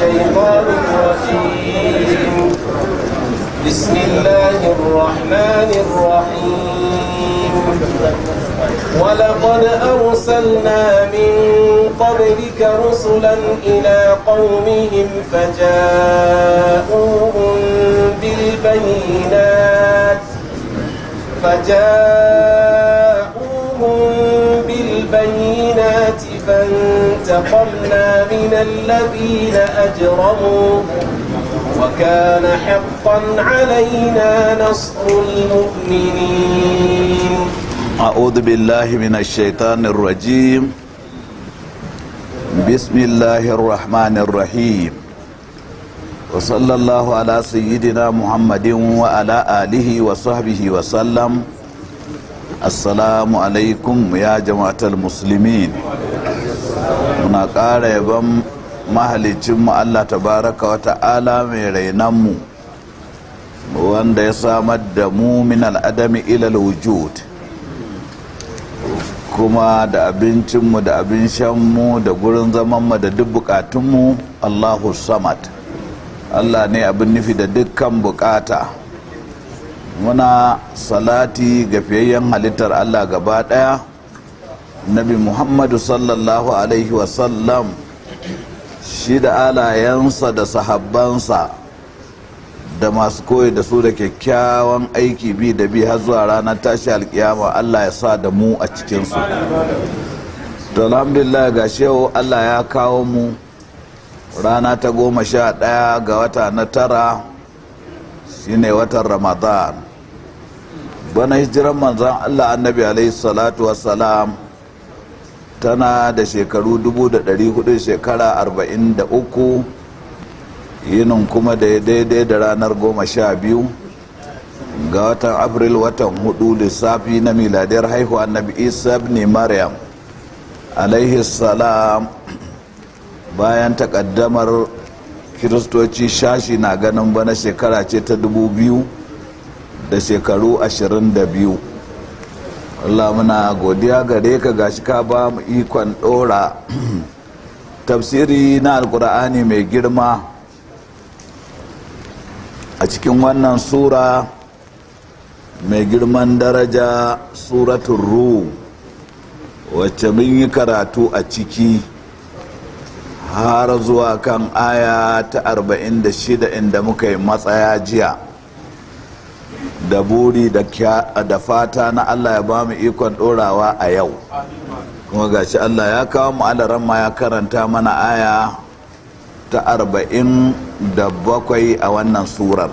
الشيطان الرجيم بسم الله الرحمن الرحيم ولقد أرسلنا من قبلك رسلا إلى قومهم فجاءوهم بالبينات فجاءوهم انتقمنا من الذين أجرموا وكان حقا علينا نصر المؤمنين أعوذ بالله من الشيطان الرجيم بسم الله الرحمن الرحيم وصلى الله على سيدنا محمد وعلى آله وصحبه وسلم السلام عليكم يا جماعة المسلمين muna ƙara yaban mahalicinmu allah tabaraka wa ta'ala mai rainanmu wanda ya samar da mu min al'adami ilal wujud kuma da abincinmu da abin shanmu da gurin zamanmu da duk bukatunmu allahu samad allah ne abin nufi da dukkan bukata muna salati ga fiyayyen halittar allah gaba ɗaya nabi muhammadu sallallahu alaihi wasallam shi da alayensa da sahabbansa da masu koyi da su da kyakkyawan aiki bi da bi har zuwa ranar tashi alkiyama allah ya sa da mu a cikinsu to alhamdulillah ga shehu allah ya kawo mu rana ta goma sha daya ga wata na tara shine watan ramadan bana hijiran manzan allah annabi alaihi salatu wasalam tana da shekaru 400 shekara 43 yinin kuma da daidai da ranar 12 ga watan april watan 4 lissafi na miladiyar haihuwa annabi isa ne mariam alaihi salam bayan takaddamar kiristoci shashi na ganin bana shekara ce ta 2000 da shekaru 22 Allah muna godiya gare ka gashi ka ba mu ikon ɗora tafsiri na alkur'ani mai girma a cikin wannan sura mai girman daraja suratun ru wacce mun yi karatu a ciki har zuwa kan aya ta 46 inda muka yi matsaya jiya da buri da fata na Allah ya bamu ikon ɗorawa a yau kuma gashi Allah ya kawo mu alaran ma ya karanta mana aya ta arba'in da bakwai a wannan surar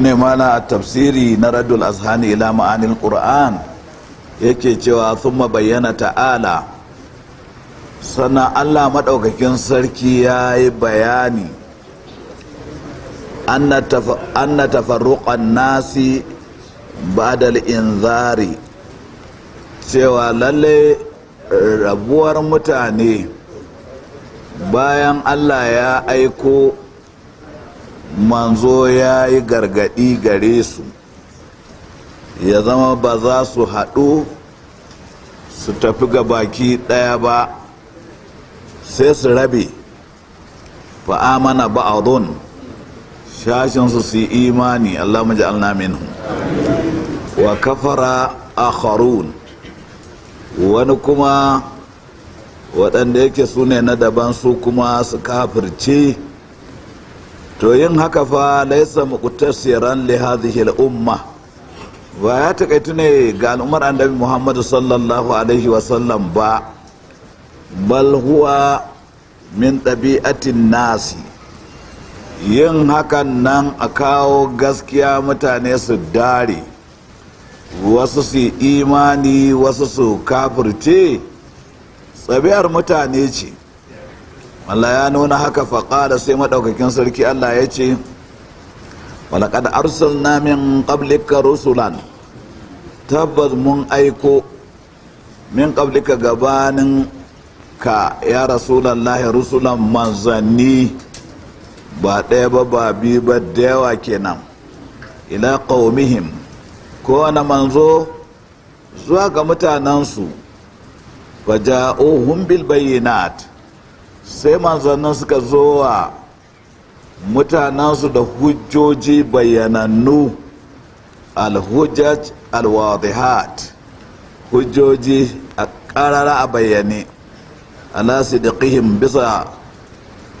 ne mana a tafsiri na radul azhani ila ma'anin ƙur'an yake cewa sun bayyana ta'ala sannan Allah maɗaukakin sarki ya yi bayani anna tafarruqan nasi badal inzari cewa lalle eh, rabuwar mutane bayan allah ya aiko manzo ya yi gargadi gare su ya zama ba za su haɗu su tafi ga baki ɗaya ba sai su rabe fa'amana a shashin su su imani Allah maj'alna minhu wa kafara akharun wani kuma waɗanda yake su ne na daban su kuma su kafirce to yin haka fa laisa muqtasiran li hadhihi al-umma ba ya takaitu ne ga al'ummar annabi muhammad sallallahu alaihi wa sallam ba bal huwa min ɗabi'atin nasi yin hakan nan a kawo gaskiya mutane su dare wasu su imani wasu su kafirce tsabiyar mutane ce Allah ya nuna haka faƙada sai maɗaukakin sarki Allah ya ce walaƙad arsul namin qablika rusulan tabbas mun aiko min qablika gabanin ka ya rasulallahi rusulan manzanni ba ɗaya ba ba biyu ba da yawa kenan ila ƙaumihim ko na manzo zuwa ga mutanensu faja'uhum bil bayyinat sai manzannin suka zo wa mutanensu da hujjoji bayyanannu alhujjaj alwadihat hujjoji a ƙarara a bayyane ala sidqihim bisa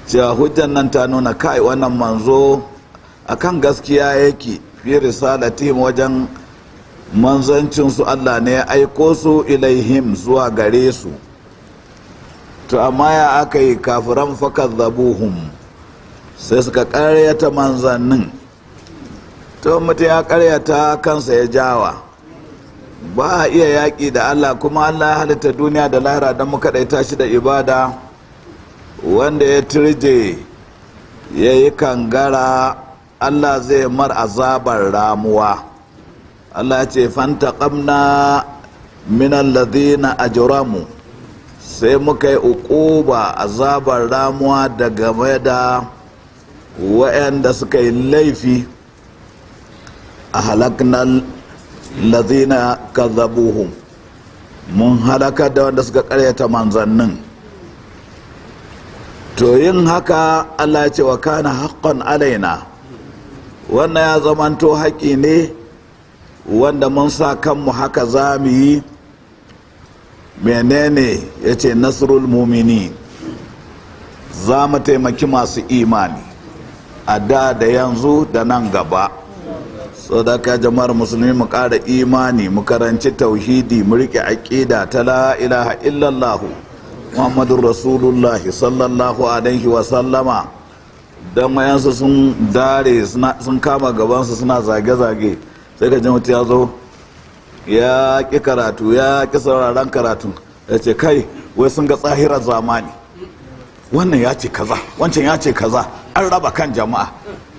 cewa hujjan nan ta nuna kai wannan manzo akan gaskiya yake fi risalatim wajen manzancinsu allah ne ya aiko su ilaihim zuwa gare su to amma ya aka yi kafiran fakar zabuhum sai suka karyata manzannin to mutum ya karyata kansa ya jawa ba a iya yaƙi da allah kuma allah ya halitta duniya da lahira don mu kaɗaita shi da ibada wanda ya tirje ya yi kangara allah zai mar azabar ramuwa allah ce fanta ƙamna na ajiramu sai muka yi uquba azabar ramuwa daga maida. da waɗanda suka yi laifi a halaknar lazina kazabuhu mun halaka da wanda suka karyata manzannin to yin haka allah ce wa kana haƙƙon alaina wannan ya zamanto haƙi ne wanda mun sa kanmu haka za mu yi menene ya ce nasrul mumini za mu taimaki masu imani a da da yanzu da nan gaba so da ka jama'ar musulmi mu kara imani mu karanci tauhidi mu riƙe aƙida ta la ilaha illallahu muhammadun rasulullah sallallahu alaihi wasallama don mayansu sun dare sun kama gabansu suna zage-zage sai ka ji mutu ya zo ya ki karatu ya ki sauraron karatu ya ce kai wai sun ga tsahirar zamani wannan ya ce kaza wancan ya ce kaza an raba kan jama'a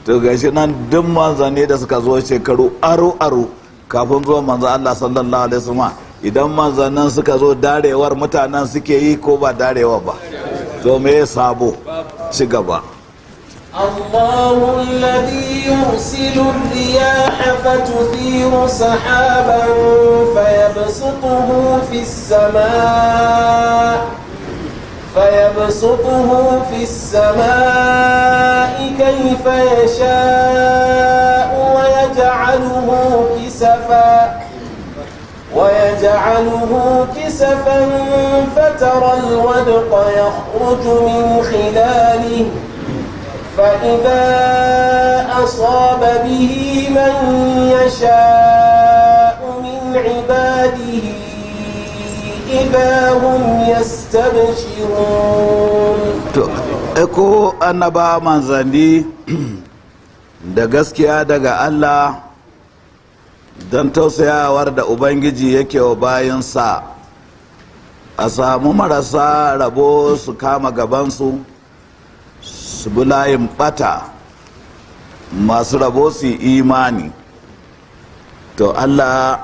to gashi nan duk manzanni da suka zo shekaru aro-aro kafin zuwa manzo allah sallallahu alaihi wasallam idan manzannin suka zo darewar mutanen suke yi ko ba darewa ba to me sabo ci gaba الله الذي يرسل الرياح فتثير سحابا فيبسطه في السماء فيبسطه في السماء كيف يشاء ويجعله كسفا ويجعله كسفا فترى الودق يخرج من خلاله فإذا أصاب به من يشاء من عباده إذا هم يستبشرون ko annaba manzanni da gaskiya daga Allah don tausayawar da ubangiji yake wa bayansa a samu marasa rabo su kama gabansu su bulayin bata masu rabo su imani to allah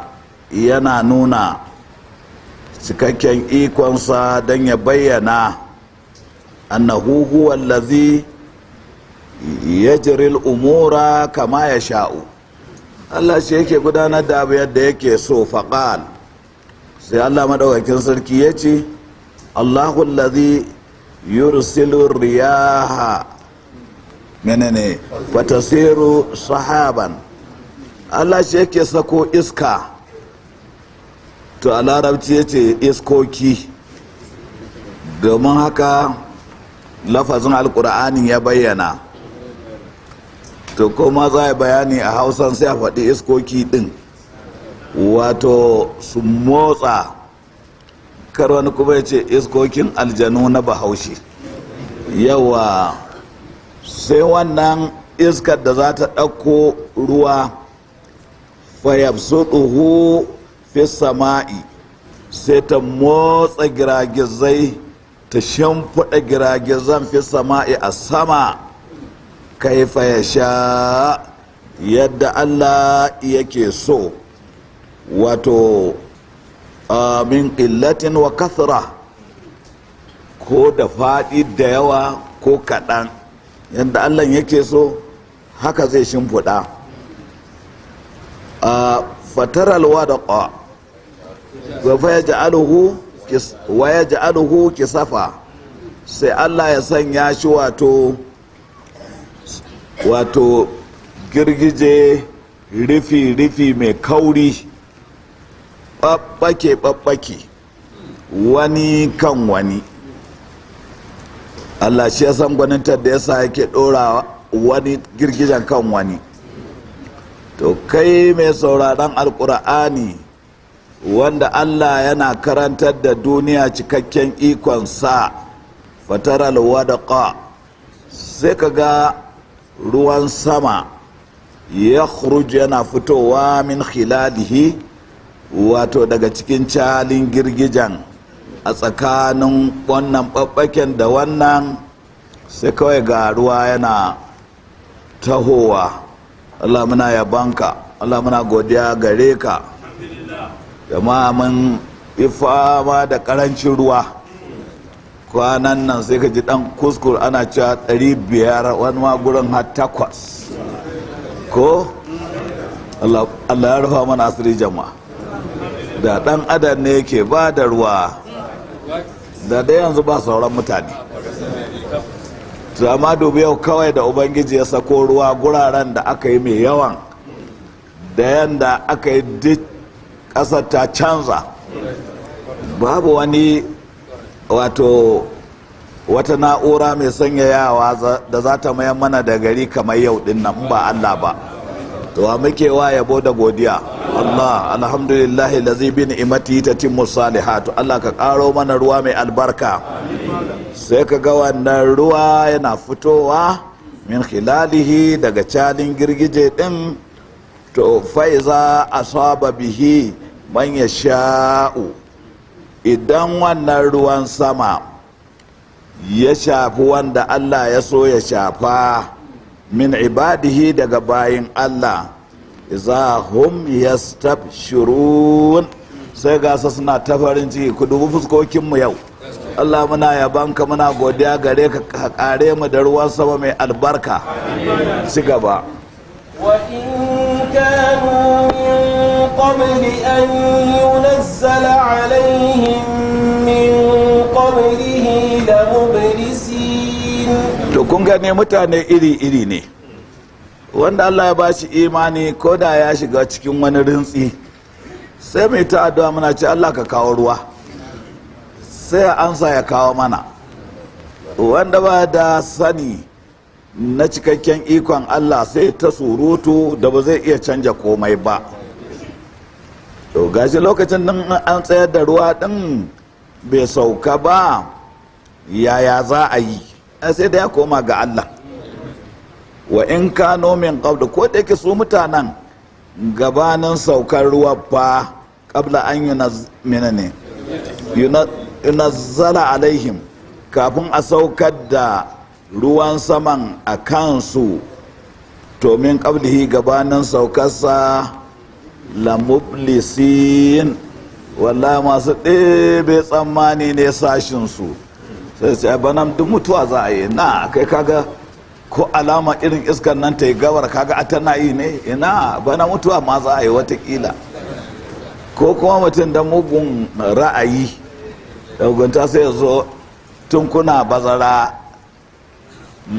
yana nuna cikakken ikonsa don ya bayyana annahu huwa allazi umura kama ya sha'u Allah shi yake gudanar da abu yadda yake so faqal sai Allah madaukakin sarki yace ce Allahu yursilu riyaha menene watasiru sahaban Allah shi yake sako iska to a larabci yace iskoki domin haka lafazin alkur'ani ya bayyana to koma za a bayani a hausan sai a faɗi iskoki ɗin wato su motsa kar wani kuma ya ce iskokin aljanu na bahaushe yawa sai wannan iskar da za ta ɗauko ruwa ɗuhu fi sama'i sai ta motsa giragizai ta shimfiɗa giragizan fi sama'i a sama kaifa ya sha yadda allah yake so wato min ƙillatin wa kathra ko da faɗi da yawa ko kaɗan yadda allah yake so haka zai shimfiɗa fataralwa da ƙwa wa ya ji aluhu kisafa sai allah ya sanya shi wato wato girgije rufi-rufi mai kauri ɓaɓɓake-ɓaɓɓake wani kan wani allah shi ya san gwanintar da ya sa yake ɗora wani girgijen kan wani to kai mai sauraron alkur'ani wanda allah yana karantar da duniya cikakken ikonsa fataral wadaqa sai ka ga ruwan sama ya yana fitowa min khilalihi wato daga cikin calin girgijan a tsakanin wannan babbaken da wannan sai kawai ga ruwa yana tahowa allah muna yabanka allah muna godiya gare ka jama'a mun yi fama da ƙarancin ruwa kwanan nan sai ka ji dan kuskur ana cewa ɗari biyar wani ma har takwas ko allah ya rufa mana asiri jama'a da dan adam ne yake ba da ruwa da dai yanzu ba sauran mutane to amma dubi yau kawai da ubangiji ya sako ruwa guraren da aka yi mai yawan da yanda aka yi duk ƙasar ta canza babu wani wato wata na'ura mai sanyayawa da za ta mayan mana da gari kamar yau din nan ba Allah ba to wa muke wa yabo da godiya Allah alhamdulillahi lazi bi ni'mati tatimmu salihatu Allah ka karo mana ruwa mai albarka sai ka ga wannan ruwa yana fitowa min khilalihi daga calin girgije din to faiza asaba bihi man yasha'u idan wannan ruwan sama ya shafi wanda allah ya so ya shafa min ibadihi daga bayin allah za hum shirun. sai gasa suna tafarin farin ciki ku dubu fuskokinmu yau Allah muna yabanka muna godiya gare ka kare mu da ruwan sama mai albarka ci gaba wa in kanu min قبل أن ينزل عليهم من قبله لمبلسين to kun gane mutane iri-iri ne wanda Allah ya bashi imani ko da ya shiga cikin wani rintsi sai mai ta addu'a muna ce Allah ka kawo ruwa sai ansa ya kawo mana wanda ba da sani na cikakken ikon Allah sai ta surutu da ba zai iya canja komai ba to gashi lokacin nan an tsayar da ruwa din bai sauka ba yaya za a yi sai da ya koma ga Allah wa in kano min qabla ko da yake su mutanen gabanin saukar ruwa fa Kabla an yunazmina ne zala alaihim kafin a saukar da ruwan saman a kansu to min qablihi gabanin saukarsa lamublisin wala masu ɗebe tsammani ne sashinsu sai sai banan duk mutuwa za a yi na kai kaga ko alama irin iskar nan ta yi gawar kaga a tana yi ne ina bana mutuwa ma za a yi watakila ko kuma mutum da mugun ra'ayi dagunta sai ya zo tun kuna bazara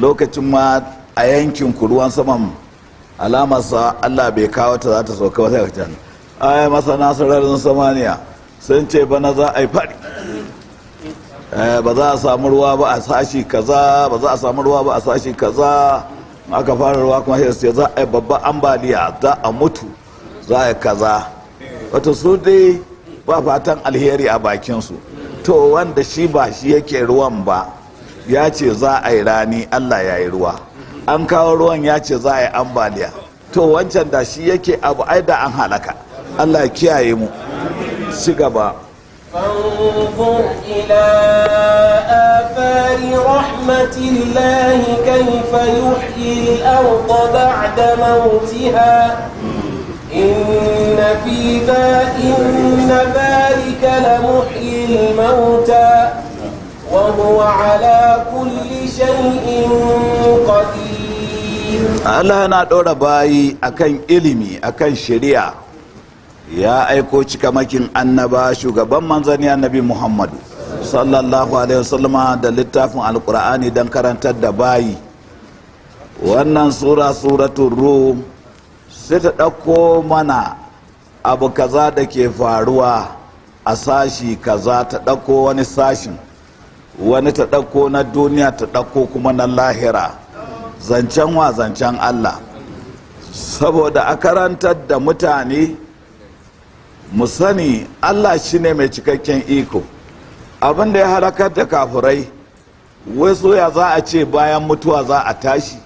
lokacin ma a yankin kuruwan saman alamarsa allah bai kawo ta za ta sauka wata ka can aya masana sararin samaniya sun ce bana za a yi fari eh, ba za a samu ruwa ba a sashi kaza ba za a samu ruwa ba a sashi kaza aka fara ruwa kuma sai ce za a yi babban ambaliya za a mutu za a yi kaza Wata su dai ba fatan alheri a bakinsu to wanda shi ba shi yake ruwan ba ya ce za a yi rani allah ya yi ruwa an kawo ruwan ya ce za a yi ambaliya to wancan da shi yake abu ai da an halaka allah ya kiyaye mu ci gaba فانظر إلى آثار رحمة الله كيف إن في إن ذلك لمحيي الموتى وهو على كل شيء قدير Allah yana ɗora bayi akan ilimi akan shari'a ya aiko cikamakin annaba shugaban manzani annabi Muhammadu sallallahu alaihi wasallama da littafin alkur'ani don karantar da bayi wannan sura suratun rum sai ta ɗauko mana abu kaza da ke faruwa a sashi kaza ta ɗauko wani sashin wani ta ɗauko na duniya ta ɗauko kuma na lahira zancen wa zancen allah saboda a karantar da mutane mu sani allah shi ne mai cikakken iko abinda ya halakar da kafurai wai soya za a ce bayan mutuwa za a tashi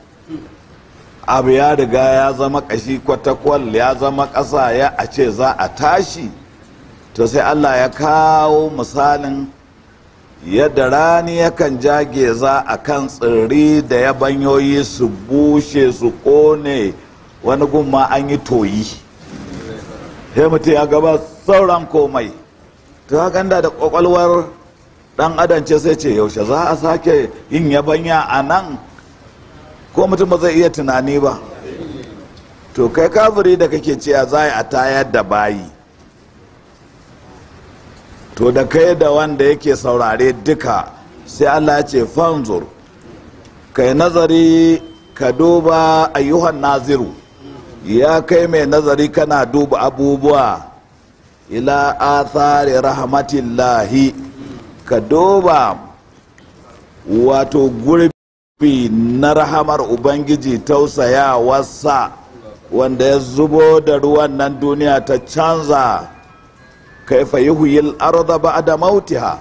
abu ya riga ya zama kashi kwatakwal ya zama ƙasa ya a ce za a tashi to sai allah ya kawo misalin yadda rani yakan jage za a kan tsiri da ya banyoyi su bushe su kone wani gumma an yi toyi sai mutum ya gaba sauran komai ta ganda da da kwakwalwar dan adance sai ce yaushe za a sake yin yabanya a nan ko mutum ba zai iya tunani ba to kai kafiri da kake cewa za a tayar da bayi to da kai da wanda yake saurare duka sai allah ce fanzur kai nazari ka duba ayyuhan naziru ya kai mai nazari kana duba abubuwa ila athari rahmatillahi ka duba wato gurbi na rahamar ubangiji tausaya wasa wanda ya zubo da ruwan nan duniya ta canza kaifa yuhyil arda ba'da mautiha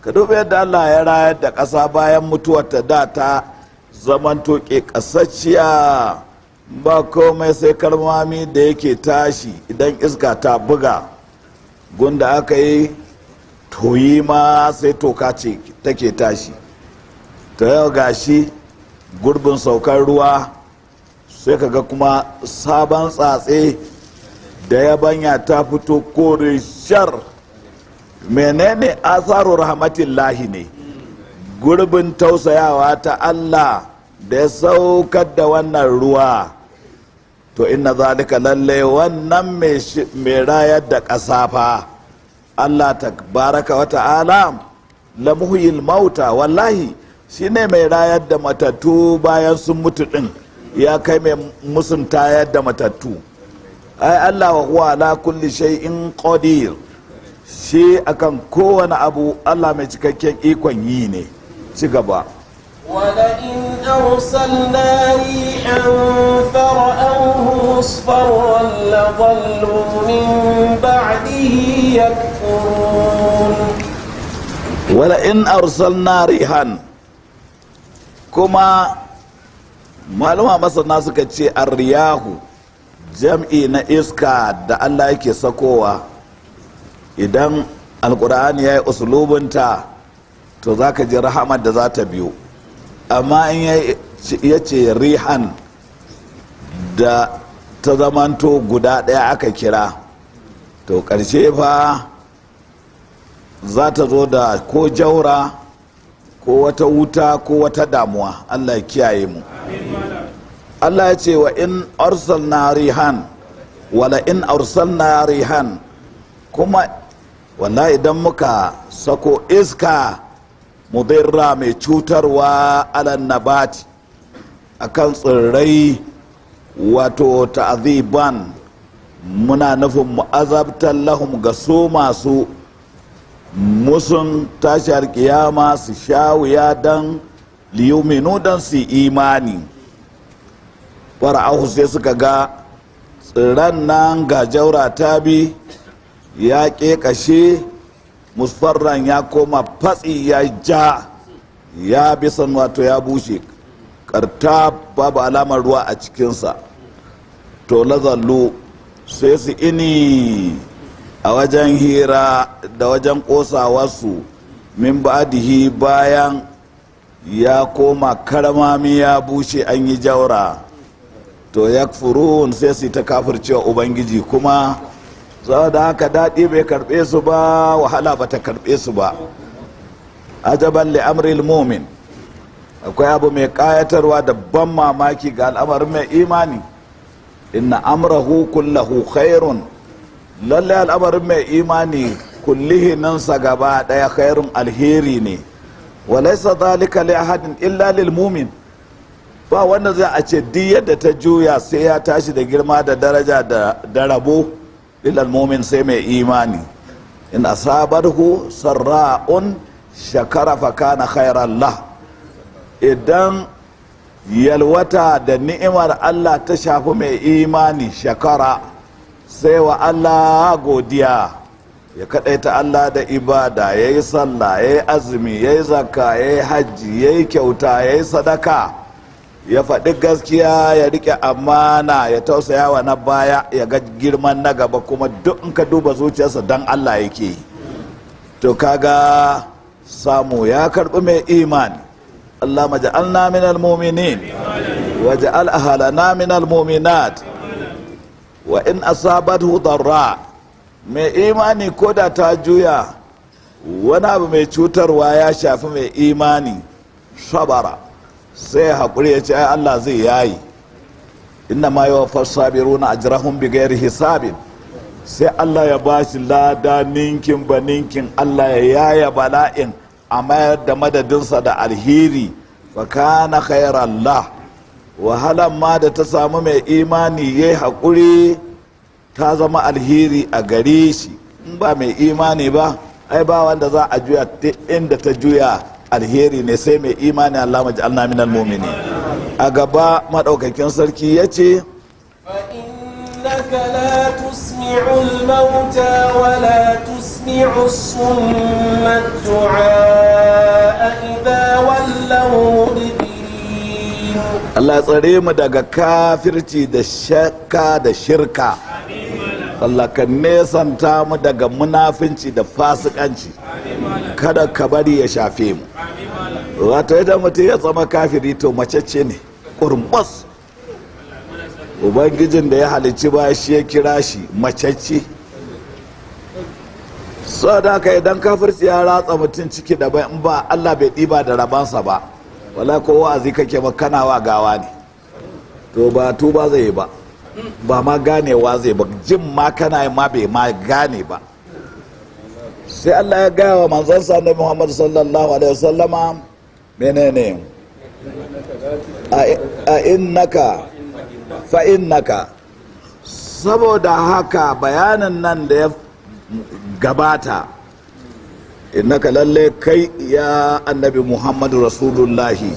ka duba yadda Allah ya rayar da ƙasa bayan mutuwar ta da ta zamanto ke ƙasasciya ba komai sai karmami da yake tashi idan iska ta buga gunda aka yi toyi ma sai toka ce take tashi ta yau gashi gurbin saukar ruwa sai kaga kuma sabon tsatse da ya banya ta fito kore shar menene asaru rahmatillahi ne gurbin tausayawa ta Allah da ya saukar da wannan ruwa to inna zalika lalle wannan mai rayar da ƙasa fa Allah ta baraka wa ta'ala lamuhil mauta wallahi shine mai rayar da matattu bayan sun mutu din ya kai mai musunta yadda da matattu ai Allah wa huwa ala kulli shay'in qadir shi akan kowane abu Allah mai cikakken ikon yi ne ci gaba ولئن أرسلنا ريحا فرأوه مصفرا لظلوا من بعده يكفرون ولئن أرسلنا ريحا كما معلومة suka ce تشي الرياح jam'i na iska da allah yake sakowa idan alkur'ani ya yi usulubinta to za ka ji rahamar da za ta biyu amma in ya ce rihan da ta zamanto guda daya aka kira to karshe fa za ta zo da ko jaura ko wata wuta ko wata damuwa allah ya kiyaye mu Allah ya ce wa in na rihan wala in na rihan kuma wala idan muka sako iska mudirra mai cutarwa alan a akan tsirrai wato ta'aziban muna nufin mu'azabtar lahum ga su masu musun tashar kiyama su sha wuya don liyuminu don su imani fara'ahu sai suka ga tsiran nan ga jaura ta bi ya ƙeƙashe musfarran ya koma fatsi ya ja ya bisan wato ya bushe karta babu alamar ruwa a cikinsa to lazallu sai su ini a wajen hira da wajen kosawarsu min ba'dihi bayan ya koma karmami ya bushe an yi jaura to ya sai su ta kafircewa ubangiji kuma da haka daɗi bai karɓe su ba wahala ba ta karɓe su ba ajaban li mumin akwai abu mai ƙayatarwa da ban mamaki ga al'amarin mai imani inna amrahu kullahu khairun lalle al'amarin mai imani kullihinansa gaba ɗaya khairun alheri ne walaisa zalika li ahadin illa lil mumin ba wanda zai a ce duk yadda ta juya sai ya tashi da girma da daraja da rabo ilal mumin sai mai imani in asabarhu sarra'un shakara fa kana khairan lah idan yalwata da ni'imar Allah ta shafi mai imani shakara sai wa Allah godiya ya ta Allah da ibada yayi sallah yayi azumi ya yi zakka ya hajji yayi kyauta yayi sadaka ya faɗi gaskiya ya rike amana ya tausayawa na baya ya ga girman na gaba kuma duk in ka duba zuciyarsa don allah yake to kaga samu ya karɓi mai imani allah na min almuminin waja'al na min muminat wa in asabathu darra mai imani ko da ta juya wani abu mai cutarwa ya shafi mai imani sabara sai ya haƙuri ya ce Allah zai yayi inna ma yawa fasabiruna ajrahum bi bigayar hisabin sai Allah ya bashi lada ninkin ba ninkin Allah ya yaya bala'in a mayar da madadinsa da alheri fa kana Allah wahalan ma da ta samu mai imani ya yi haƙuri ta zama alheri a gare shi in ba mai imani ba ai ba wanda za a juya inda ta juya alheri ne sai mai imani Allah Allah minal mu'mini a gaba madaukakin sarki yace ce Allah tsare mu daga kafirci da shaka da shirka Allah ka nesanta mu daga munafinci da fasikanci kada ka bari ya shafe mu wato yadda mutum ya zama kafiri to mace ce ne kurmus ubangijin da ya halicci ba shi ya kira shi mace ce so da ka idan kafirci ya ratsa mutum ciki da bai in ba Allah bai ɗiba da rabansa ba wala ko wa'azi kake makanawa gawa ne to ba tuba zai yi ba ba ma ganewa zai ba jin ma kana ma bai ma gane ba sai Allah ya gaya wa sa na Muhammad sallallahu alaihi wasallama menene a innaka fa innaka saboda haka bayanin nan da ya gabata innaka lalle kai ya annabi Muhammad rasulullahi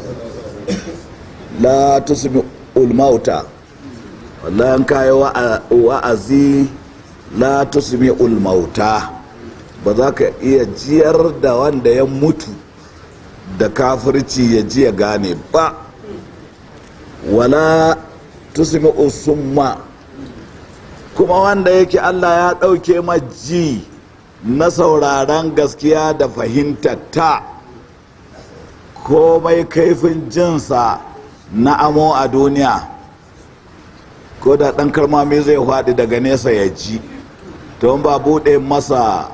la tusmi ulmauta wallahi an kayi wa'azi la tusmi ulmauta ba za ka iya jiyar da wanda ya mutu da kafirci ya ji ya gane ba wala tusmi usumma kuma wanda yake allah ya ɗauke ji na sauraron gaskiya da fahimtar ta komai kaifin jinsa na amo a duniya ko da ɗan karmami zai faɗi daga nesa ya ji to ba buɗe masa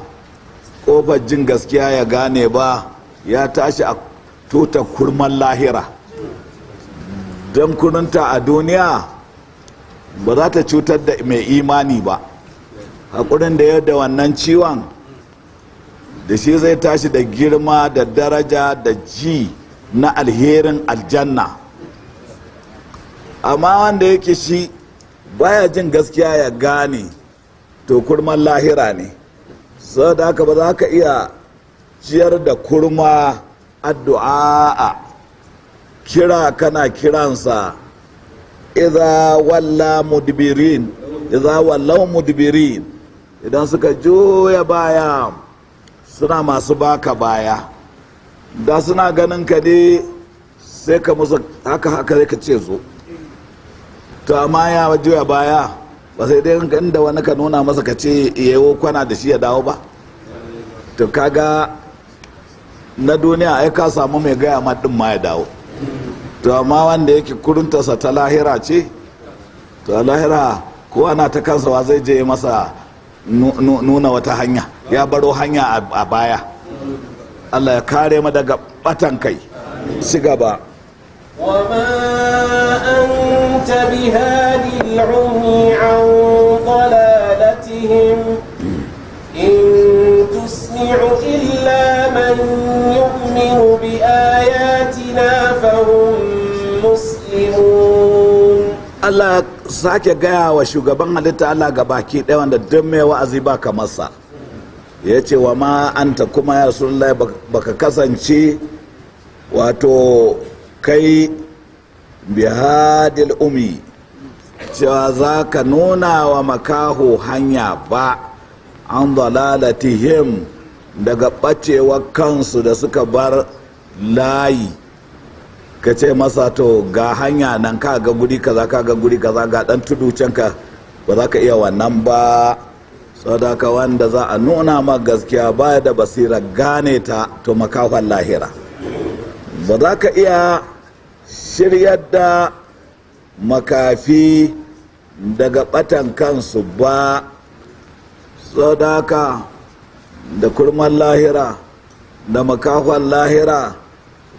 ƙofar jin gaskiya ya gane ba ya tashi a tuta kurman lahira don kurunta a duniya ba za ta cutar da mai imani ba haƙurin da yadda wannan ciwon da shi zai tashi da girma da daraja da ji na alherin aljanna amma wanda yake shi baya jin gaskiya ya gane to kurman lahira ne da haka ba za ka iya ciyar da kurma addu'a kira kana kiransa idza walla mudbirin walla mudbirin idan suka juya baya suna masu baka baya da suna ganin ka ne sai ka musu haka haka ka ce zo to amma ya juya baya ba sai dai inda wani ka nuna masa ka ce yawo kwana da shi ya dawo ba to kaga na duniya ai ka samu mai gaya ma din ma ya dawo to amma wanda yake kuruntarsa ta lahira ce to lahira kowa na ta kansa wa zai je masa nuna wata hanya ya baro hanya a baya allah ya kare mu daga batan kai shiga ba. أنت بهادي العمي عن ضلالتهم إن تسمع إلا من يؤمن بآياتنا فهم مسلمون الله sake gaya wa shugaban halitta Allah ga baki ɗaya wanda duk mai wa'azi ba kamarsa ya ce wa ma ta kuma ya rasulullahi baka kasance wato kai bihadil umi cewa za ka nuna wa makaho hanya ba an dalalatihim daga ɓacewa kansu da suka bar layi ka ce masa to ga hanya nan ka ga guri ka za ka ga guri ka za ga dan tudu can ka ba za ka iya wannan ba sadaka wanda za a nuna ma gaskiya baya da basira gane ta to makahon lahira ba za ka iya shiryar da makafi daga batan kansu ba sadaka da kurman lahira da makafan lahira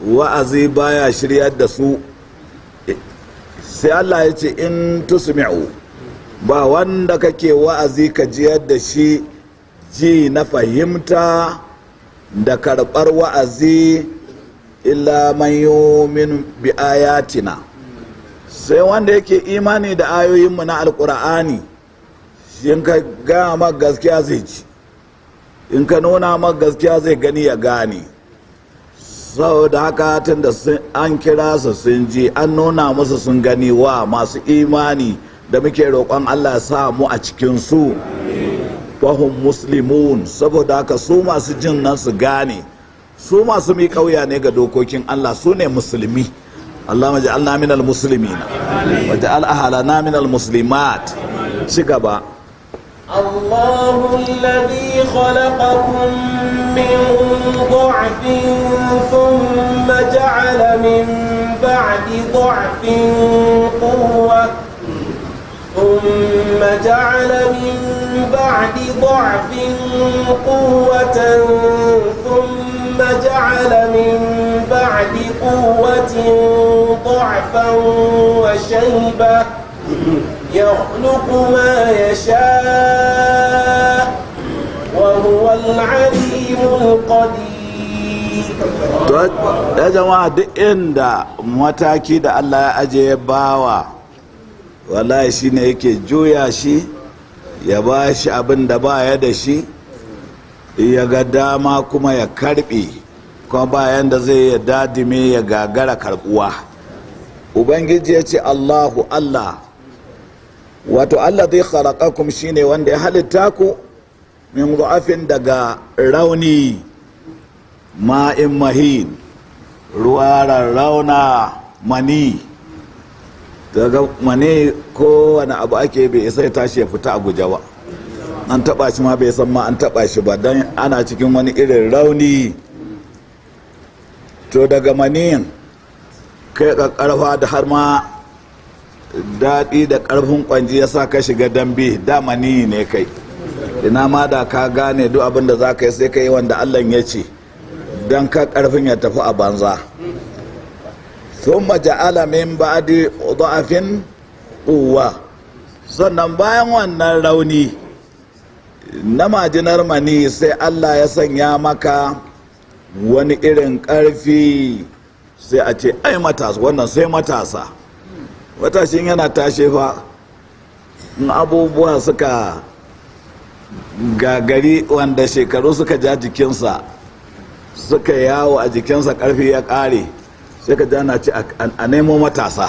wa'azi baya shiryar da su sai Allah ya ce in tusmi'u ba wanda kake wa'azi ka jiyar da shi ji na fahimta da karɓar wa'azi illa man yu'minu bi ayatina sai wanda yake imani da ayoyinmu na alkur'ani in ka gaya mak gaskiya zai ci in ka nuna ma gaskiya zai gani ya gane saboda haka tun da an kira su sun ji an nuna musu sun gani wa masu imani da muke roƙon allah sa mu a cikinsu fahim muslimun saboda haka su masu jin nan su gane su masu mi kauya ne ga dokokin Allah su ne musulmi Allah maji Allah min al ma waje al-ahala na min al-muslimat ci gaba الله الذي خلقكم min ضعف ثم جعل من بعد ضعف ثم جعل من بعد ضعف قوة ثم جعل من بعد قوة ضعفا وشيبة يخلق ما يشاء وهو العليم القدير to ya jama'a duk inda mataki da Allah ya aje bawa wallahi shi ne yake juya shi ya ba shi abin da ba ya da shi ya ga dama kuma ya karbe kuma bayan da zai ya dadime ya gagara karbuwa ubangiji ya ce allahu allah wato allah zai shi shine wanda ya halitta ku min ru'afin daga rauni ma'in mahin ruwa rarrauna mani daga mane ko wani abu ake bai isa ya tashi ya fita abuja ba an taba shi ma bai san ma an taba shi ba don ana cikin wani irin rauni to daga maniyin kai karfa da har ma daɗi da karfin kwanji ya sa ka shiga dambe da maniyi ne kai ina ma da ka gane duk abin da za ka yi sai ka yi wanda allah ya ce don ka karfin ya tafi a banza thumma ja'ala min ba'di dha'fin quwwa sannan bayan wannan rauni na majinar mani sai Allah ya sanya maka wani irin ƙarfi sai a ce ai matasa wannan sai matasa matashin yana tashe fa in abubuwa suka gagari wanda shekaru suka ja jikinsa suka yawo a jikinsa ƙarfi ya ƙare sai ka jana ce a nemo matasa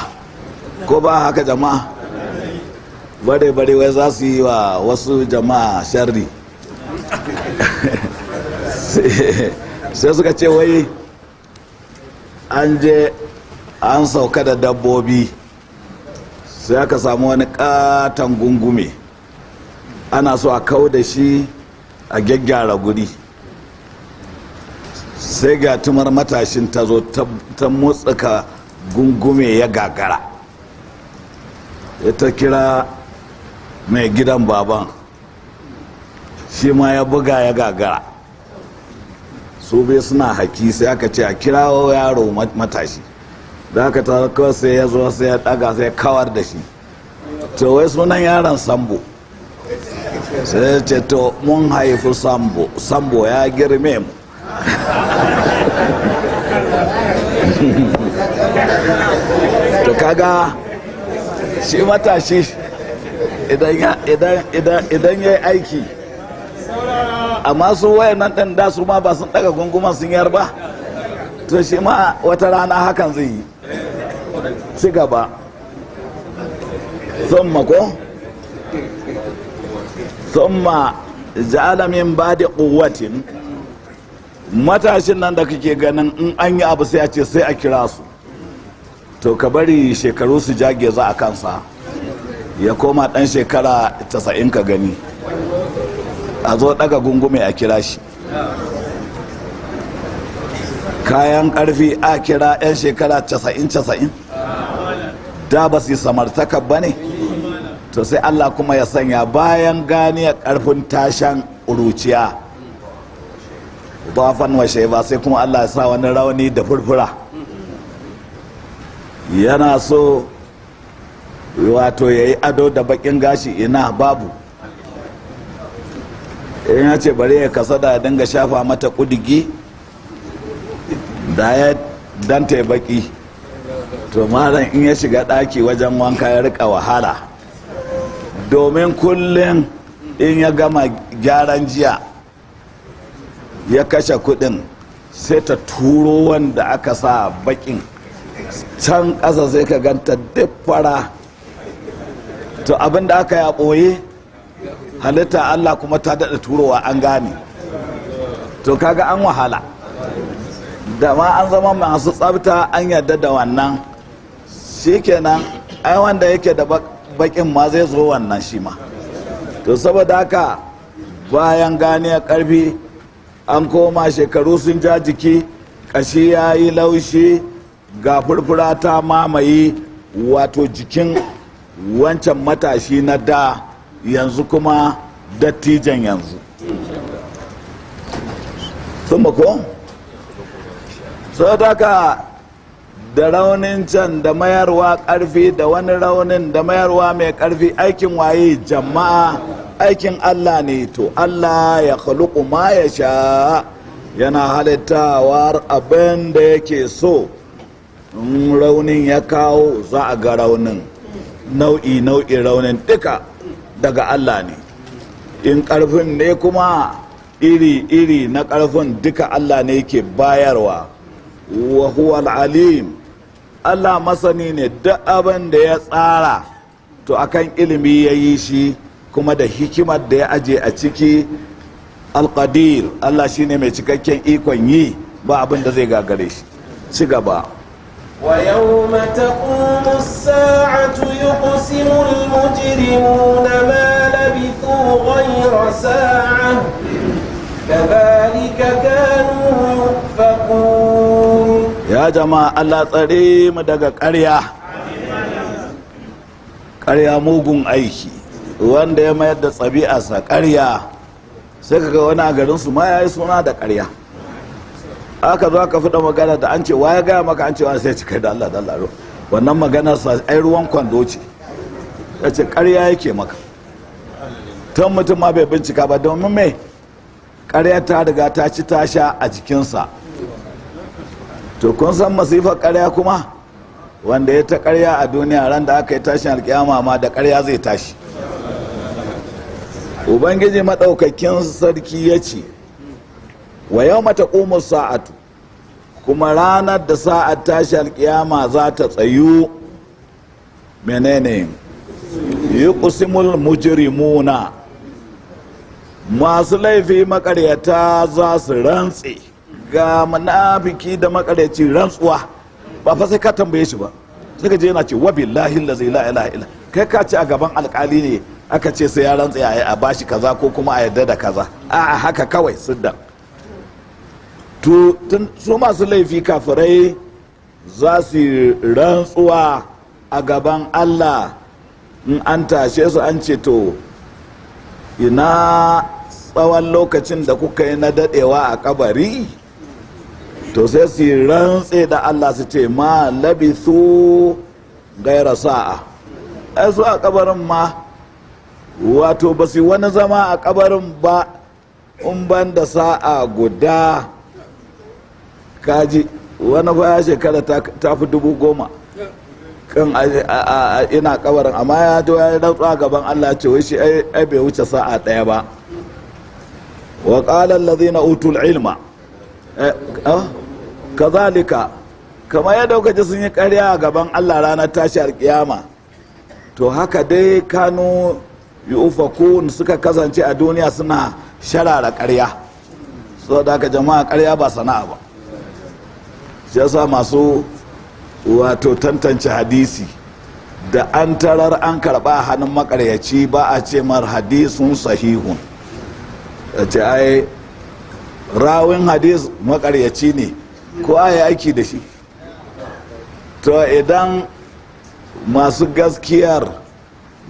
ko ba haka jama'a bare bare wai za su yi wa wasu jama'a sharri sai suka ce wai an je an sauka da dabbobi sai aka samu wani katon gungume ana so a kau da shi a gyaggyara guri sai ga tumar matashin ta zo ta motsaka gungume ya gagara ta kira mai gidan baban shi ma ya buga ya gagara su bai suna haki sai aka ce a kirawo yaro matashi da aka tarko sai ya zo sai ya daga sai kawar da shi ta wai sunan yaron sambo sai ce to mun haifi sambo sambo ya girme mu to kaga shi matashi idan ya aiki amma su wayan nan ɗin da su ma ba sun ɗaga gunguman sun yar ba to shi ma wata rana hakan zai yi ci gaba sun mako sun ma ja'ala ba da ƙuwatin matashin nan da kake ganin in an yi abu sai a ce sai a kira su to ka bari shekaru su jage za a kansa ya koma dan shekara 90 ka gani a zo daga gungume a kira shi kayan karfi a kira 'yan shekara 90-90 da ba su samartaka ba ne to sai allah kuma ya sanya bayan gani karfin tashan uruciya dafan washe ba sai kuma allah ya sa wani rauni da furfura yana so wato ya yi ado da bakin gashi ina babu in ya ce bari ya kasa da dinga shafa mata kudigi da ya danta ya baki to malam in ya shiga daki wajen wanka ya rika wahala domin kullum in ya gama gyaran jiya ya kashe kudin sai ta turo wanda aka sa bakin can kasa sai ka ganta duk fara to abinda aka ya boye halitta allah kuma ta dada turowa an gane to kaga an wahala da ma an zama masu tsabta an yarda da wannan shikenan ai wanda yake da bakin ma zai zo wannan shi ma to saboda haka bayan gane a karfi an koma shekaru sun ja jiki ƙashi ya yi laushi ga furfura ta mamaye wato jikin wancan matashi na da yanzu kuma dattijan yanzu sun ko? da raunin can da mayarwa ƙarfi da wani raunin da mayarwa mai ƙarfi aikin waye jama'a aikin Allah ne to Allah ya khuluqu ma ya sha yana halittawar abin da yake so raunin ya kawo za a ga raunin nau'i nau'i raunin duka daga Allah ne in ƙarfin ne kuma iri iri na ƙarfin duka Allah ne ke bayarwa wa huwa al-alim allah masani ne duk abin da ya tsara to akan ilimi ya yi shi kuma da hikimar da ya aje a ciki alƙadir allah shi ne mai cikakken ikon yi ba abin da zai gagare shi ci gaba ويوم تقوم الساعة يقسم المجرمون ما لبثوا غير ساعة كذلك كانوا يؤفكون jama'a allah tsare mu daga ƙarya ƙarya mugun aiki wanda ya mayar da tsabi'arsa ƙarya sai kaga wani a garin su ma ya yi suna da ƙarya aka zo aka fida magana da an ce wa ya gaya maka an ce wa sai cika da allah da allah wannan magana sa ai ruwan kwando ce ya ce ƙarya yake maka tun mutum ma bai bincika ba domin mai ƙarya ta riga ta ci ta sha a jikinsa to kun san masifar karya kuma wanda ya ta karya a duniya ran da aka yi tashin alkiyama ma da karya zai tashi ubangiji maɗaukakin sarki ya ce wa yau mata sa'atu kuma ranar da sa'ar tashi alkiyama za ta tsayu menene yi kusimul mujirimuna masu laifi makaryata za su rantse ga munafiki da makareci rantsuwa ba fa sai ka tambaye shi ba sai ka je yana ce wabillahi allazi la ilaha illa kai ka ce a gaban alkali ne aka ce sai ya rantsa ya a bashi kaza ko kuma a yarda da kaza a haka kawai siddan to su masu laifi kafirai za su rantsuwa a gaban allah in an tashe su an ce to ina tsawon lokacin da kuka yi na dadewa a kabari to sai su rantse da Allah su ce ma labithu gaira sa'a ai su a kabarin ma wato ba su wani zama a kabarin ba in ban da sa'a guda kaji wani ya shekara ta fi dubu goma kan ina kabarin amma ya to ya rantsa gaban Allah ce wai shi ai bai wuce sa'a daya ba wa qala allazina utul ilma eh, ah? kazalika kamar ya kuka ji sun yi karya a gaban allah ranar tashi alkiyama to haka dai kanu yufakun suka kasance a duniya suna sharara karya so da haka jama'a karya ba sana'a ba shi yasa masu wato tantance hadisi da an tarar an karba hannun makaryaci ba a ce mar hadisun sahihun a ce ai rawin hadis makaryaci ne ko aya aiki da shi to idan masu gaskiyar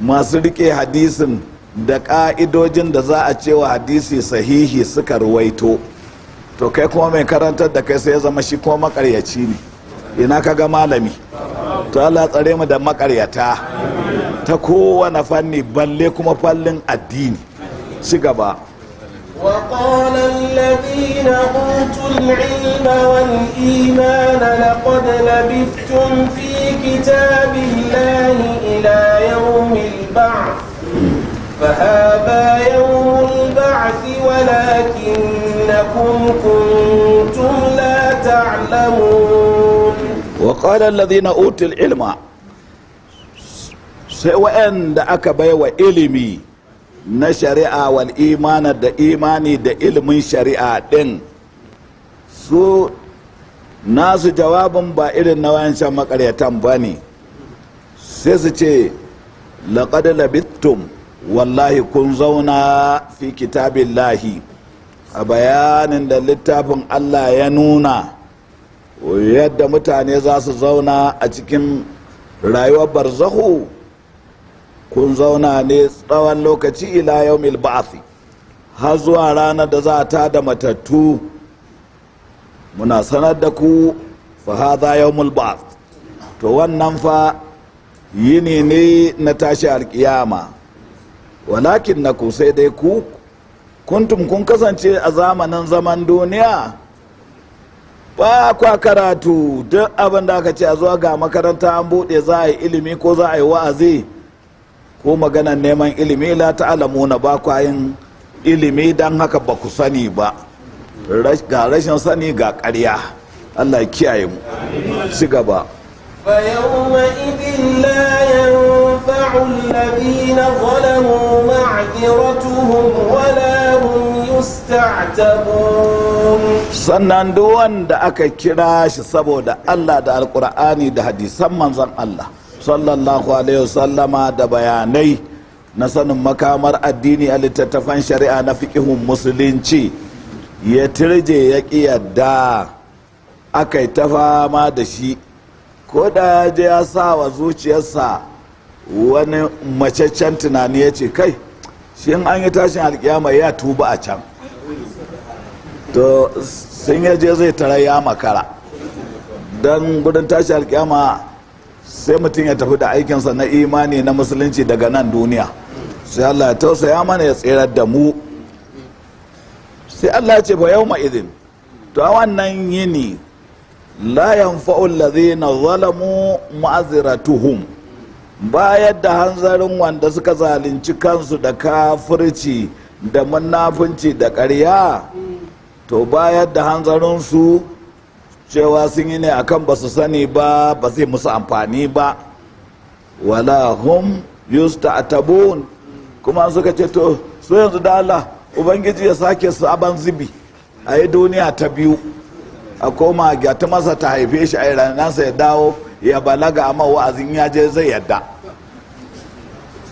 masu rike hadisin da ka'idojin da za a cewa hadisi sahihi suka ruwaito to kai kuma mai karantar da kai sai ya zama shi kuma makaryaci ne ina ka ga malami to Allah tsare mu da makaryata ta kowane fanni balle kuma fallin addini ci gaba وقال الذين أوتوا العلم والإيمان لقد لبثتم في كتاب الله إلى يوم البعث فهذا يوم البعث ولكنكم كنتم لا تعلمون وقال الذين أوتوا العلم سوى أن أكبر وإلمي na shari'a wal imana da imani da ilimin shari'a ɗin su nasu jawabin ba irin na wayancan makaryatan ba ne sai su ce laƙadu labittum wallahi kun zauna fi kitabin lahi a bayanin da littafin allah ya nuna yadda mutane za su zauna a cikin rayuwar barzahu kun zauna ne tsawon lokaci ila yaumil ba'athi har zuwa ranar da za ta da matattu muna sanar da ku fa 'yau yaumul ba'ath to wannan fa yini ne na tashi alkiyama walakin na ku sai dai ku kuntum kun kasance a zamanin zaman duniya ba kwa karatu duk abin da aka ce a zuwa ga makaranta an buɗe za a yi ilimi ko za a yi wa'azi ko maganan neman ilimi la ta'lamuna ba ku yin ilimi dan haka ba ku sani ba ga rashin sani ga ƙarya Allah ya kiyaye mu ci gaba yanfa'u alladhina zalamu الذين wa la hum yusta'tabun sannan duk wanda aka kira shi saboda Allah da alkur'ani da hadisan manzon Allah sallallahu alaihi wasallama da bayanai na sanin makamar addini a littattafan shari'a na fiƙihun musulunci ya tirje ya ƙi yadda aka yi ta fama da shi ko da ya je ya sa wa zuciyarsa wani macaccen tunani ya ce kai shi an yi tashin alkiyama ya tuba a can to sun yaje zai tara ya makara don gudun tashin alkiyama sai mutum ya tafi da aikinsa na imani na musulunci daga nan duniya sai Allah ya ya mana ya tsirar da mu sai Allah ya ce ba yau ma'izin to a wannan yini la yanfa'u na zalamu ma'aziratuhum bayar da hanzarin wanda suka zalunci kansu da kafirci da munafunci da ƙarya to bayar da hanzarinsu cewa sun yi ne akan ba su sani ba ba zai musu amfani ba wala hum atabun kuma suka ce to so yanzu da Allah ubangiji ya sake su aban zibi a yi duniya ta biyu a koma ga ta masa ta haife shi a ranansa ya dawo ya balaga amma wa'azin ya je zai yadda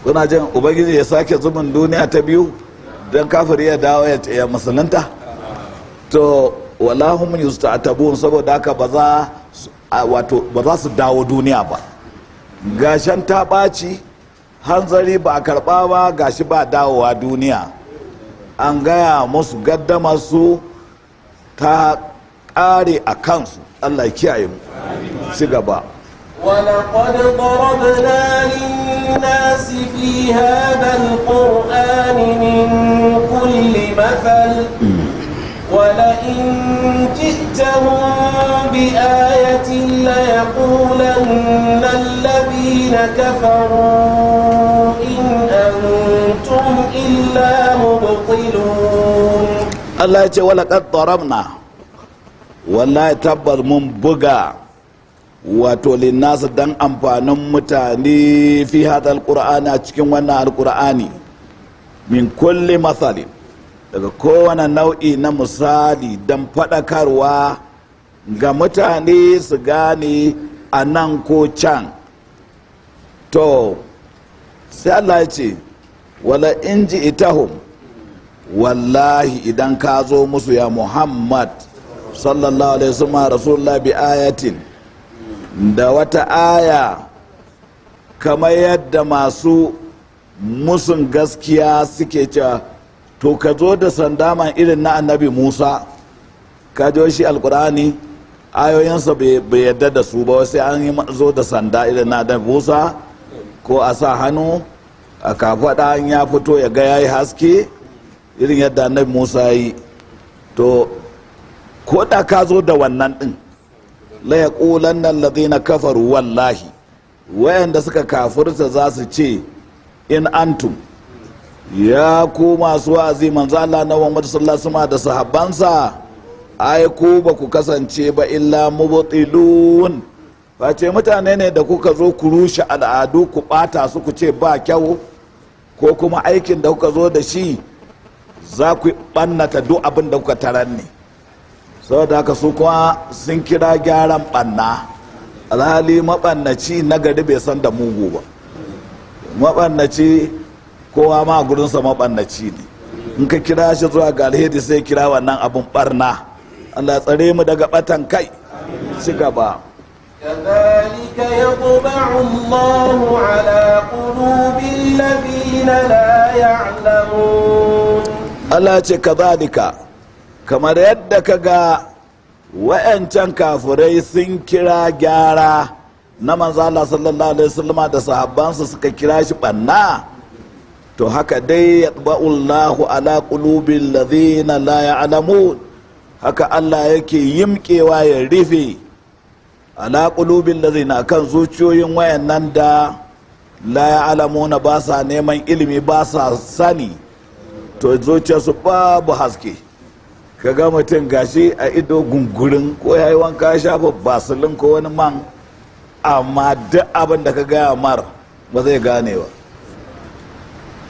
kuna jin ubangiji ya sake zubin duniya ta biyu don kafir ya dawo ya musulunta to wala hum yusta'tabun saboda haka ba za wato ba za su dawo duniya ba gashan ta ɓaci hanzari ba a karɓa ba gashi ba dawowa duniya an gaya musu gaddama su ta ƙare a kansu allah kiyaye mu ci gaba ولقد ضربنا للناس في هذا القرآن من كل مثل ولئن جئتهم بآية ليقولن الذين كفروا إن أنتم إلا مبطلون الله يقول ولقد ضربنا والله تبر من بقى wato linnasu dan amfanin mutane fi hadal qur'ani a cikin wannan alqur'ani min kulli masalin daga kowane nau'i na misali don faɗakarwa ga mutane su gane a nan ko can to sai Allah ce wala in ji itahum wallahi idan ka zo musu ya muhammad sallallahu alaihi wasallam rasulullah bi ayatin da wata aya kamar yadda masu musun gaskiya suke cewa to ka zo da sanda man irin na annabi musa ka jo shi alkur'ani ayoyinsa bai yadda da su ba sai an yi zo da sanda irin na annabi musa ko a sa hannu a kafaɗa an ya fito ya ga yayi haske irin yadda annabi musa yi to ko da ka zo da wannan ɗin la yaqulanna na kafaru wallahi wayanda suka kafurta za su ce in antum ya ku masu wa'azi manzo Allah na Muhammad sallallahu alaihi da sahabbansa ai ku ba ku kasance ba illa mubtilun face mutane ne da kuka zo ku rushe al'adu ku bata su ku ce ba kyau ko kuma aikin da kuka zo da shi za ku bannata duk abin da kuka taranni. saboda haka su kuma sun kira gyaran banna alhali mabannaci gari bai san da mugu ba mabannaci kowa ma a gurinsa maɓannaci ne in ka kira shi zuwa ga alheri sai kira wannan abin barna Allah tsare mu daga batan kai shi gaba كذلك يطبع الله على قلوب الذين لا يعلمون الله ce kazalika kamar yadda ka ga wa'ancan kafurai sun kira gyara na Manzala Allah sallallahu alaihi wasallam da sahabbansa suka kira shi ɓanna? to haka dai lahu ala qulubil ladhina la ya'lamun haka Allah yake yimkewa ya rife ala qulubil ladhina kan zuciyoyin wayannan da la ya'lamuna ba sa neman ilimi ba sa sani to su babu haske kaga mutum gashi a ido gungurin ko yayi wanka ya shafa basilin ko wani man amma duk abin da ka gaya mar ba zai gane ba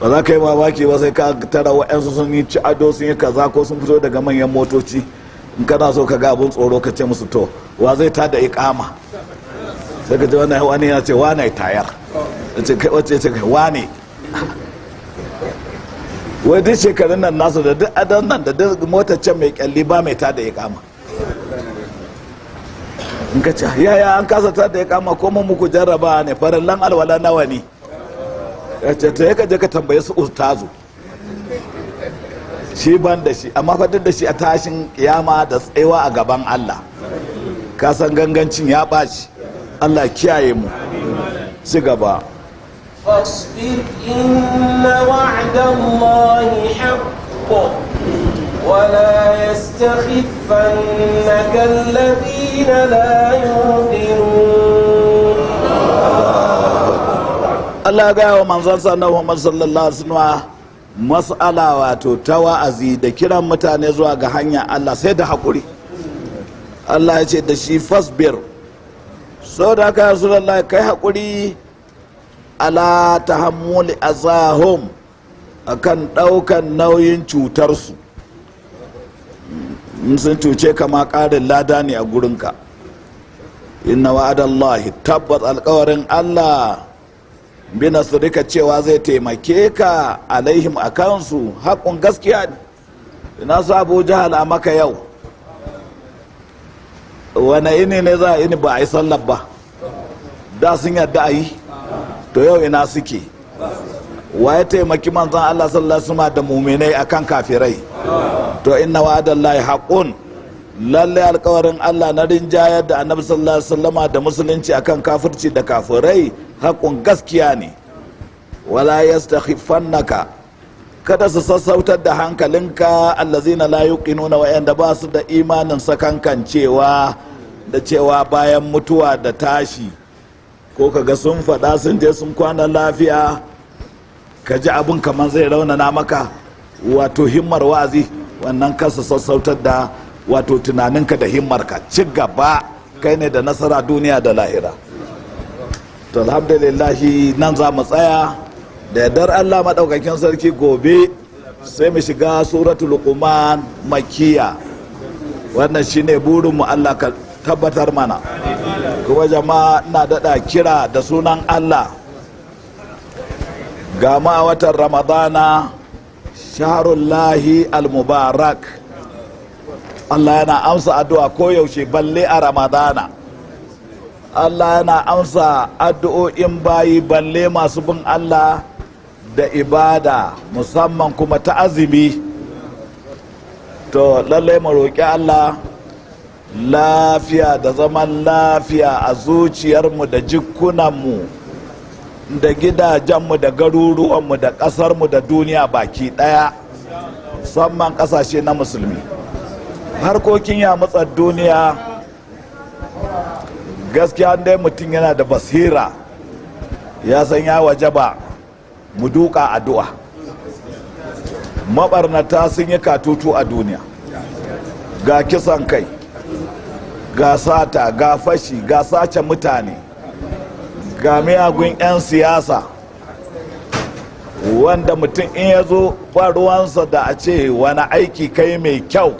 ba za ka yi mamaki ba sai ka tara wa'yansu sun yi ci ado sun yi kaza ko sun fito daga manyan motoci in kana so ka ga abin tsoro ka ce musu to wa zai ta da ikama sai ka ji ya wani ya ce wane tayar wace ce kai wane wai duk shekarun nan nasu da duk adon nan da duk motar can mai kyalli ba mai ta da ikama in ka ce yaya an kasa ta da ikama ko mu ku jarraba ne farallan alwala nawa ne Eh, ta yaka kaje ka tambaye su ustazu shi ban da shi amma fatar da shi a tashin kiyama da tsaiwa a gaban Allah ka san gangancin ya ɓaci Allah kiyaye mu ci gaba فاصبر إن وعد الله ولا يستخفنك الذين لا يؤمنون Allah ya gaya wa manzansa na Muhammad sallallahu alaihi wasallam mas'ala wato ta wa'azi da kiran mutane zuwa ga hanya Allah sai da hakuri Allah ya ce da shi fasbir so da haka Rasulullah kai hakuri ala tahammuli azahum akan daukan nauyin cutarsu in sun cuce kama karin lada ne a gurinka inna wa'adallahi tabbas alkawarin Allah bina su rika cewa zai taimake ka alaihim a kansu haƙun gaskiya ne ina su abu jihar a maka yau wane ini ne za a ini ba a yi sallar ba da sun yadda a yi to yau ina suke wa ya taimaki manzan allah sallallahu alaihi da muminai akan kafirai to inna wa'adallahi haƙun lallai alkawarin allah na rinjayar da annabi sallallahu alaihi da musulunci akan kafirci da kafirai haƙon gaskiya ne wala yastakhifannaka kada su sassautar da hankalinka allazina la yuqinuna wa'anda ba su da imanin cewa da cewa bayan mutuwa da tashi ko kaga sun faɗa sun je sun kwana lafiya ka ji abin kamar zai raunana maka wato himmar wazi wannan kasa sassautar da wato tunaninka da himmarka ci gaba kai ne da nasara duniya da lahira to alhamdulillahi nan za mu tsaya da yardar allah maɗaukakin sarki gobe sai mu shiga suratul luqman makiya wannan shine burinmu allah ka tabbatar mana kuma jama'a na daɗa kira da sunan allah ga ma watan ramadana shaharullahi al-mubarak allah yana amsa addu'a koyaushe balle a ramadana Allah yana amsa addu'o'in bayi balle masu bin Allah da ibada musamman kuma ta azumi to lallai mu roƙi Allah lafiya da zaman lafiya a zuciyarmu da jikunanmu da gidajenmu da garuruwanmu da ƙasarmu da duniya baki ɗaya musamman ƙasashe na musulmi harkokin ya yamutsar duniya gaskiya dai mutum yana da basira ya san ya wajaba mu duka addu'a mabarnata sun yi katutu a duniya ga kisan kai ga sata ga fashi ga sace mutane ga miyagun 'yan siyasa wanda mutum in ya zo faruwansa da a ce wani aiki kai mai kyau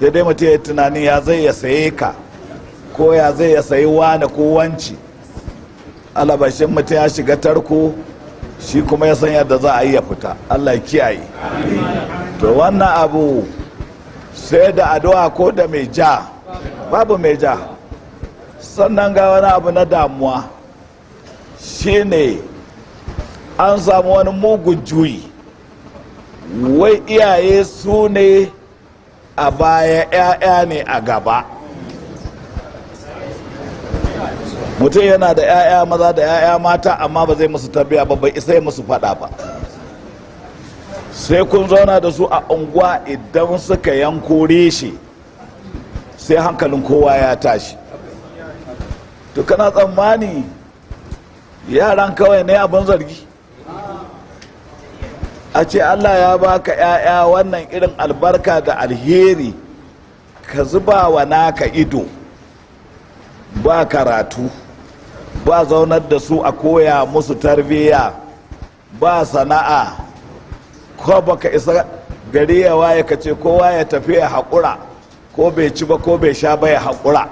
sai dai mutum ya tunani ya zai ya saye ka Koya zai ya sayi wane ko wanci alabashin mutum ya shiga tarko shi kuma ya san yadda za a yi ya fita allah ya kiyaye to wannan abu sai da addu'a ko da mai ja babu mai ja sannan ga wani abu na damuwa shine an samu wani mugun juyi wai iyaye su ne a baya 'ya'ya ne a gaba mutum yana da 'ya'ya maza da 'ya'ya mata amma ba zai musu tabbiya ba bai isa musu fada ba sai kun zauna da su a unguwa idan suka yanko reshe sai hankalin kowa ya tashi to kana tsammani yaran kawai ne abin zargi a ce allah ya baka 'ya'ya wannan irin albarka da alheri ka zuba wa naka ido ba karatu ba zaunar da su a koya musu tarbiyya ba sana'a ko baka isa gari ya waye ka ce kowa ya tafi ya haƙura ko bai ci ba ko bai sha ba ya haƙura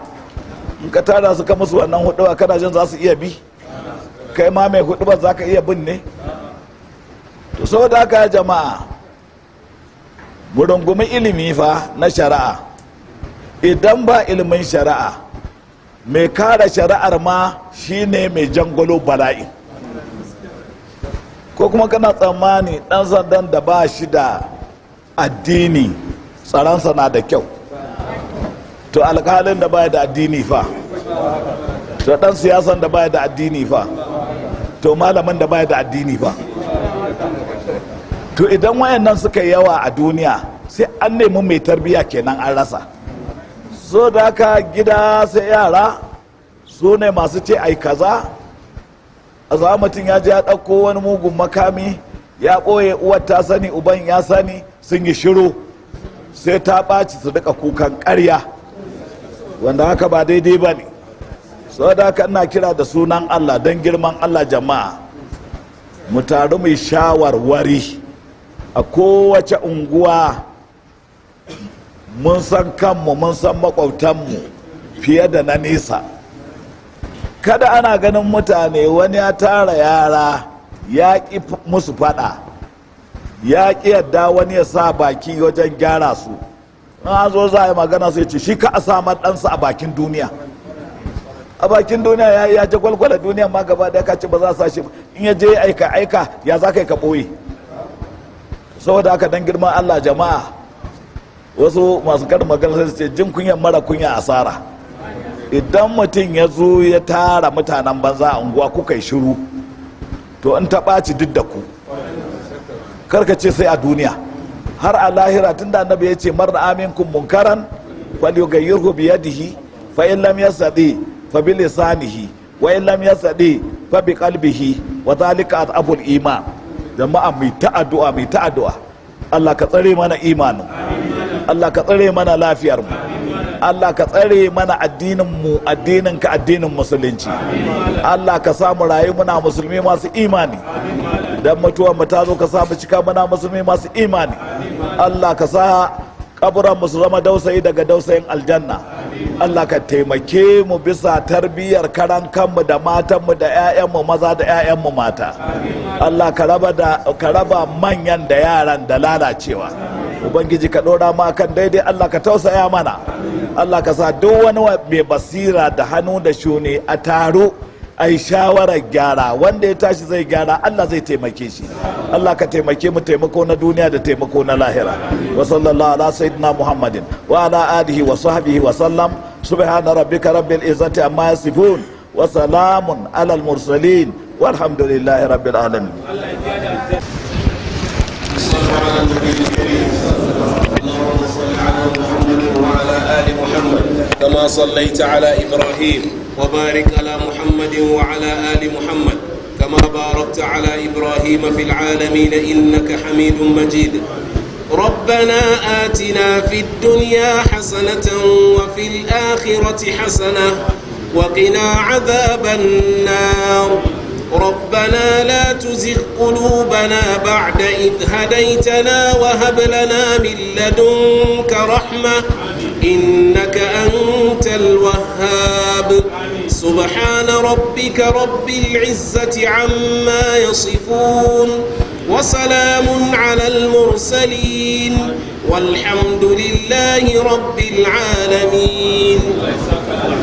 in ka tara su ka musu wannan huduwa kana jin za su iya bi kai ma mai hudu ba za ka iya bin ne to saboda haka jama'a mu rungumi ilimi fa na shari'a idan ba ilimin shari'a mai kada shari'ar ma shine mai jangolo bala'i ko kuma kana tsammani dan sandan da ba shi da addini tsaransa na da kyau to alkalin da baya da addini fa to dan siyasan da baya da addini fa to malamin da baya da addini fa to idan wayannan suka yawa a duniya sai an nemi mai tarbiya kenan an rasa so da aka gida sai yara su ne masu ce ai kaza a zamatin ya ji ya ɗauko wani mugun makami ya ɓoye uwar ta sani uban ya sani sun yi shiru sai ta ɓaci su duka kukan ƙarya wanda haka ba daidai ba ne sau da aka ina kira da sunan allah don girman allah jama'a mu taru mai shawarwari a kowace unguwa mun san kanmu mun san makwabtanmu fiye da na nesa kada ana ganin mutane wani ya tara yara ya ƙi musu faɗa ya ƙi yadda wani ya sa baki wajen gyara su an zo za a yi magana sai ce shi ka a samar ɗansa a bakin duniya a bakin duniya ya ya ce kwalkwala duniya ma gaba da ka ce ba za a shi in ya je aika aika ya za ka yi ka ɓoye saboda haka dan girman allah jama'a wasu masu kar magana sai su ce jin kunya mara kunya asara idan mutum ya zo ya tara mutanen banza a unguwa kuka yi shiru to in ta ɓaci duk da ku ce sai a duniya har a lahira tun da annabi ya ce amin kun munkaran falyughayyirhu bi yadihi fa in lam yastati fa bi lisanihi wa in lam yastati fa bi qalbihi wa iman jama'a mai ta'addu'a mai ta Allah ka tsare mana imanin Allah ka tsare mana lafiyar mu Allah ka tsare mana addinin mu addinin ka addinin musulunci Allah ka samu rayu muna musulmi masu imani dan mutuwar mu ta zo ka samu cika muna musulmi masu imani Allah ka sa kaburan mu su zama dausayi daga dausayin aljanna Allah ka taimake mu bisa tarbiyyar karan kanmu da matanmu da ƴaƴan mu maza da ƴaƴan mu mata Allah ka raba manyan da yaran da lalacewa ubangiji ka dora ma kan daidai Allah ka tausaya mana Allah ka sa duk wani mai basira da hannu da shuni a taro ai yi shawarar gyara wanda ya tashi zai gyara Allah zai taimake shi Allah ka taimake mu taimako na duniya da taimako na lahira wa sallallahu ala sayyidina muhammadin wa ala alihi wa sahbihi wa sallam subhana rabbika rabbil izzati amma yasifun wa salamun alal mursalin walhamdulillahi rabbil alamin كما صليت على إبراهيم وبارك على محمد وعلى آل محمد كما باركت على إبراهيم في العالمين إنك حميد مجيد ربنا آتنا في الدنيا حسنة وفي الآخرة حسنة وقنا عذاب النار ربنا لا تزغ قلوبنا بعد إذ هديتنا وهب لنا من لدنك رحمة إنك أنت الوهاب سبحان ربك رب العزة عما يصفون وسلام على المرسلين والحمد لله رب العالمين